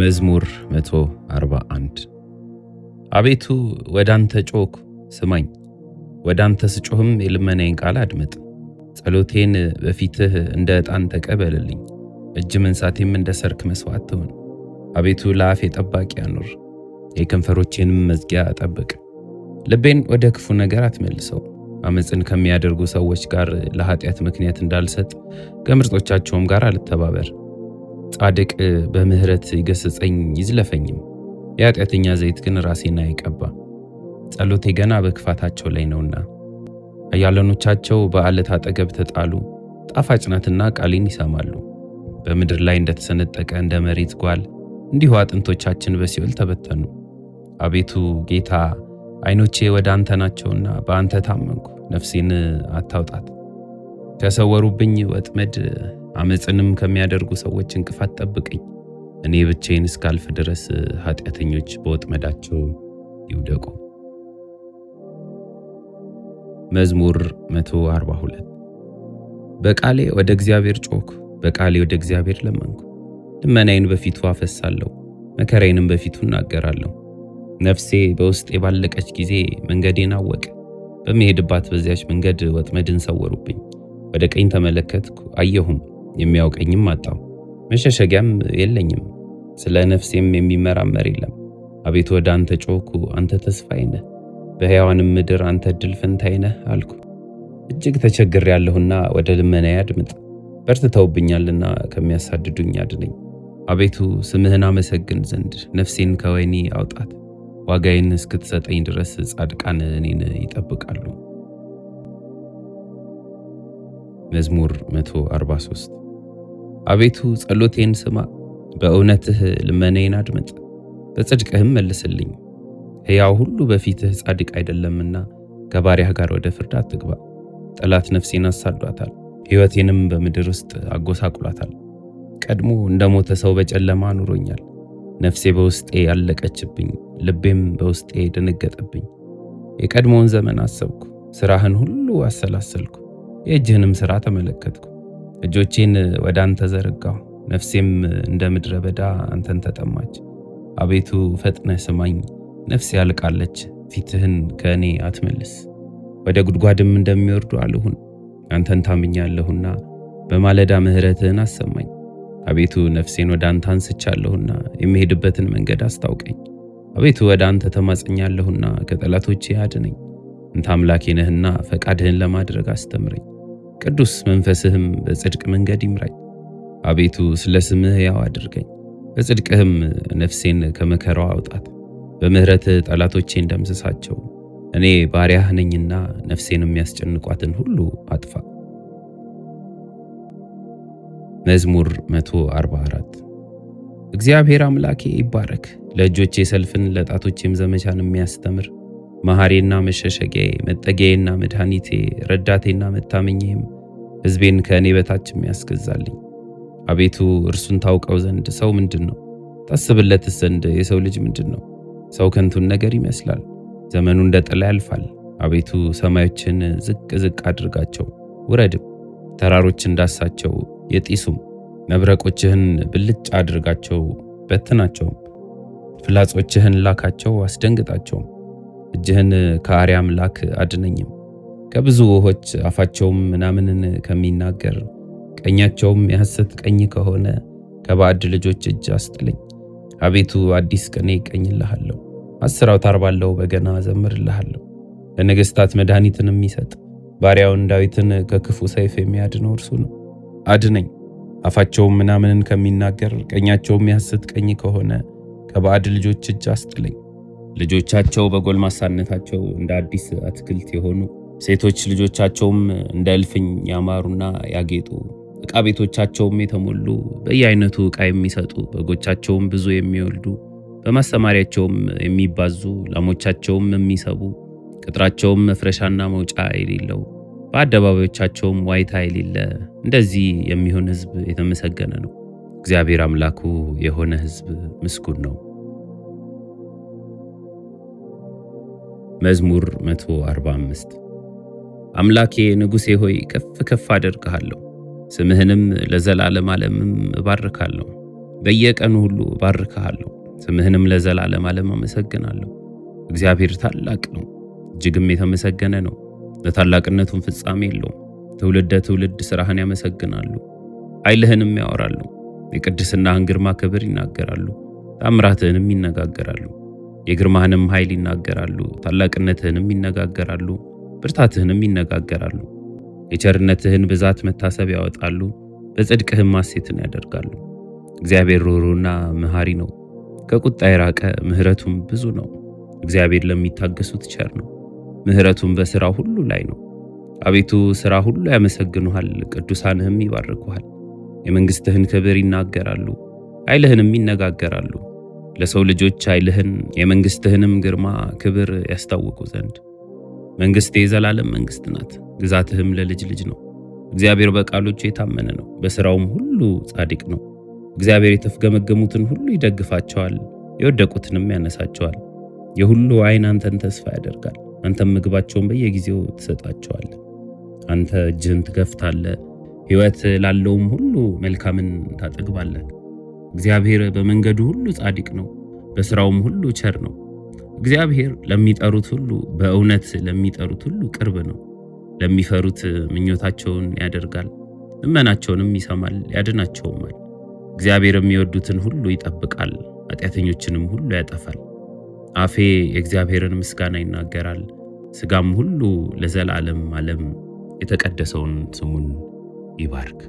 መዝሙር 141 አቤቱ ወደ አንተ ጮክ ስማኝ፣ ወደ አንተ ስጮህም የልመናዬን ቃል አድምጥ። ጸሎቴን በፊትህ እንደ ዕጣን ተቀበልልኝ፣ እጅ መንሳቴም እንደ ሰርክ መሥዋዕት ትሁን። አቤቱ ለአፌ ጠባቂ አኑር፣ የከንፈሮቼንም መዝጊያ አጠብቅ። ልቤን ወደ ክፉ ነገር አትመልሰው፣ አመፅን ከሚያደርጉ ሰዎች ጋር ለኃጢአት ምክንያት እንዳልሰጥ ከምርጦቻቸውም ጋር አልተባበር። ጻድቅ በምህረት ይገሰጸኝ ይዝለፈኝም፣ የኃጢአተኛ ዘይት ግን ራሴን አይቀባ። ጸሎቴ ገና በክፋታቸው ላይ ነውና፣ አያለኖቻቸው በአለት አጠገብ ተጣሉ። ጣፋጭ ናትና ቃሌን ይሰማሉ። በምድር ላይ እንደተሰነጠቀ እንደ መሬት ጓል እንዲሁ አጥንቶቻችን በሲኦል ተበተኑ። አቤቱ ጌታ ዓይኖቼ ወደ አንተ ናቸውና በአንተ ታመንኩ፣ ነፍሴን አታውጣት። ከሰወሩብኝ ወጥመድ አመፅንም ከሚያደርጉ ሰዎች እንቅፋት ጠብቀኝ። እኔ ብቻዬን እስካልፍ ድረስ ኃጢአተኞች በወጥመዳቸው ይውደቁ። መዝሙር 142 በቃሌ ወደ እግዚአብሔር ጮክ፣ በቃሌ ወደ እግዚአብሔር ለመንኩ። ልመናዬን በፊቱ አፈሳለሁ፣ መከራዬንም በፊቱ እናገራለሁ። ነፍሴ በውስጥ የባለቀች ጊዜ መንገዴን አወቀ። በመሄድባት በዚያች መንገድ ወጥመድን ሰወሩብኝ። ወደ ቀኝ ተመለከትኩ አየሁም፣ የሚያውቀኝም አጣው። መሸሸጊያም የለኝም። ስለ ነፍሴም የሚመራመር የለም። አቤቱ ወደ አንተ ጮኩ፣ አንተ ተስፋዬ ነህ፣ በሕያዋንም ምድር አንተ ድል ፈንታዬ ነህ አልኩ። እጅግ ተቸግር ያለሁና ወደ ልመናዬ አድምጥ። በርትተውብኛልና ከሚያሳድዱኝ አድነኝ። አቤቱ ስምህን አመሰግን ዘንድ ነፍሴን ከወይኒ አውጣት። ዋጋዬን እስክትሰጠኝ ድረስ ጻድቃን እኔን ይጠብቃሉ። መዝሙር 143 አቤቱ ጸሎቴን ስማ፣ በእውነትህ ልመኔን አድምጥ፣ በጽድቅህም መልስልኝ። ሕያው ሁሉ በፊትህ ጻድቅ አይደለምና ከባሪያህ ጋር ወደ ፍርድ አትግባ። ጠላት ነፍሴን አሳዷታል፣ ሕይወቴንም በምድር ውስጥ አጎሳቁሏታል። ቀድሞ እንደ ሞተ ሰው በጨለማ አኑሮኛል። ነፍሴ በውስጤ ያለቀችብኝ፣ ልቤም በውስጤ ደነገጠብኝ። የቀድሞውን ዘመን አሰብኩ፣ ሥራህን ሁሉ አሰላሰልኩ፣ የእጅህንም ሥራ ተመለከትኩ። እጆቼን ወደ አንተ ዘረጋሁ፣ ነፍሴም እንደ ምድረ በዳ አንተን ተጠማች። አቤቱ ፈጥነ ስማኝ፣ ነፍሴ ያልቃለች፣ ፊትህን ከእኔ አትመልስ። ወደ ጉድጓድም እንደሚወርዱ አልሁን፣ አንተን ታምኛለሁና በማለዳ ምሕረትህን አሰማኝ። አቤቱ ነፍሴን ወደ አንተ አንስቻለሁና የሚሄድበትን መንገድ አስታውቀኝ። አቤቱ ወደ አንተ ተማጽኛለሁና ከጠላቶቼ አድነኝ። አንተ አምላኬ ነህና ፈቃድህን ለማድረግ አስተምረኝ። ቅዱስ መንፈስህም በጽድቅ መንገድ ይምራኝ። አቤቱ ስለ ስምህ ያው አድርገኝ፣ በጽድቅህም ነፍሴን ከመከራው አውጣት። በምሕረትህ ጠላቶቼን ደምስሳቸው፣ እኔ ባሪያህ ነኝና ነፍሴን የሚያስጨንቋትን ሁሉ አጥፋ። መዝሙር 144 እግዚአብሔር አምላኬ ይባረክ፣ ለእጆቼ ሰልፍን ለጣቶቼም ዘመቻን የሚያስተምር መሐሬና መሸሸጊያዬ መጠጊያዬና መድኃኒቴ ረዳቴና መታመኛዬም ሕዝቤን ከእኔ በታችም ያስገዛልኝ። አቤቱ እርሱን ታውቀው ዘንድ ሰው ምንድን ነው? ታስብለትስ ዘንድ የሰው ልጅ ምንድን ነው? ሰው ከንቱን ነገር ይመስላል፣ ዘመኑ እንደ ጥላ ያልፋል። አቤቱ ሰማዮችን ዝቅ ዝቅ አድርጋቸው፣ ውረድም፣ ተራሮች እንዳሳቸው የጢሱም መብረቆችህን ብልጭ አድርጋቸው፣ በትናቸውም፣ ፍላጾችህን ላካቸው፣ አስደንግጣቸውም እጅህን ከአርያም አምላክ አድነኝም ከብዙ ውሆች አፋቸውም ምናምንን ከሚናገር ቀኛቸውም የሐሰት ቀኝ ከሆነ ከባዕድ ልጆች እጅ አስጥለኝ። አቤቱ አዲስ ቅኔ ቀኝልሃለሁ፣ አስር አውታር ባለው በገና ዘምርልሃለሁ። ለነገሥታት መድኃኒትን የሚሰጥ ባሪያውን ዳዊትን ከክፉ ሰይፍ የሚያድነው እርሱ ነው። አድነኝ አፋቸውም ምናምንን ከሚናገር ቀኛቸውም የሐሰት ቀኝ ከሆነ ከባዕድ ልጆች እጅ አስጥለኝ። ልጆቻቸው በጎልማሳነታቸው እንደ አዲስ አትክልት የሆኑ ሴቶች ልጆቻቸውም እንደ እልፍኝ ያማሩና ያጌጡ እቃ ቤቶቻቸውም የተሞሉ በየአይነቱ እቃ የሚሰጡ በጎቻቸውም ብዙ የሚወልዱ በማሰማሪያቸውም የሚባዙ ላሞቻቸውም የሚሰቡ ቅጥራቸውም መፍረሻና መውጫ የሌለው በአደባባዮቻቸውም ዋይታ የሌለ እንደዚህ የሚሆን ሕዝብ የተመሰገነ ነው። እግዚአብሔር አምላኩ የሆነ ሕዝብ ምስጉን ነው። መዝሙር 145 አምላኬ ንጉሴ ሆይ ከፍ ከፍ አደርግሃለሁ፣ ስምህንም ለዘላለም ዓለምም እባርካለሁ። በየቀኑ ሁሉ እባርካለሁ ስምህንም ለዘላለም ዓለም አመሰግናለሁ። እግዚአብሔር ታላቅ ነው፣ እጅግም የተመሰገነ ነው፣ ለታላቅነቱም ፍጻሜ የለውም። ትውልደ ትውልድ ሥራህን ያመሰግናሉ፣ ኃይልህንም ያወራሉ። የቅድስናህን ግርማ ክብር ይናገራሉ፣ ታምራትህንም ይነጋገራሉ። የግርማህንም ኃይል ይናገራሉ፣ ታላቅነትህንም ይነጋገራሉ፣ ብርታትህንም ይነጋገራሉ። የቸርነትህን ብዛት መታሰብ ያወጣሉ፣ በጽድቅህም ማሴትን ያደርጋሉ። እግዚአብሔር ሩሩና መሐሪ ነው፣ ከቁጣ የራቀ ምሕረቱም ብዙ ነው። እግዚአብሔር ለሚታገሱት ቸር ነው፣ ምሕረቱም በሥራ ሁሉ ላይ ነው። አቤቱ ሥራ ሁሉ ያመሰግኑሃል፣ ቅዱሳንህም ይባርኩሃል። የመንግሥትህን ክብር ይናገራሉ፣ ኃይልህንም ይነጋገራሉ። ለሰው ልጆች ኃይልህን የመንግሥትህንም ግርማ ክብር ያስታውቁ ዘንድ። መንግሥቴ የዘላለም መንግሥት ናት፣ ግዛትህም ለልጅ ልጅ ነው። እግዚአብሔር በቃሎቹ የታመነ ነው፣ በሥራውም ሁሉ ጻድቅ ነው። እግዚአብሔር የተፍገመገሙትን ሁሉ ይደግፋቸዋል፣ የወደቁትንም ያነሳቸዋል። የሁሉ ዓይን አንተን ተስፋ ያደርጋል፣ አንተም ምግባቸውን በየጊዜው ትሰጣቸዋል። አንተ እጅህን ትከፍታለህ፣ ሕይወት ላለውም ሁሉ መልካምን ታጠግባለህ። እግዚአብሔር በመንገዱ ሁሉ ጻድቅ ነው፣ በሥራውም ሁሉ ቸር ነው። እግዚአብሔር ለሚጠሩት ሁሉ በእውነት ለሚጠሩት ሁሉ ቅርብ ነው። ለሚፈሩት ምኞታቸውን ያደርጋል፣ ልመናቸውንም ይሰማል ያድናቸውማል። እግዚአብሔር የሚወዱትን ሁሉ ይጠብቃል፣ ኃጢአተኞችንም ሁሉ ያጠፋል። አፌ የእግዚአብሔርን ምስጋና ይናገራል፣ ሥጋም ሁሉ ለዘላለም ዓለም የተቀደሰውን ስሙን ይባርክ።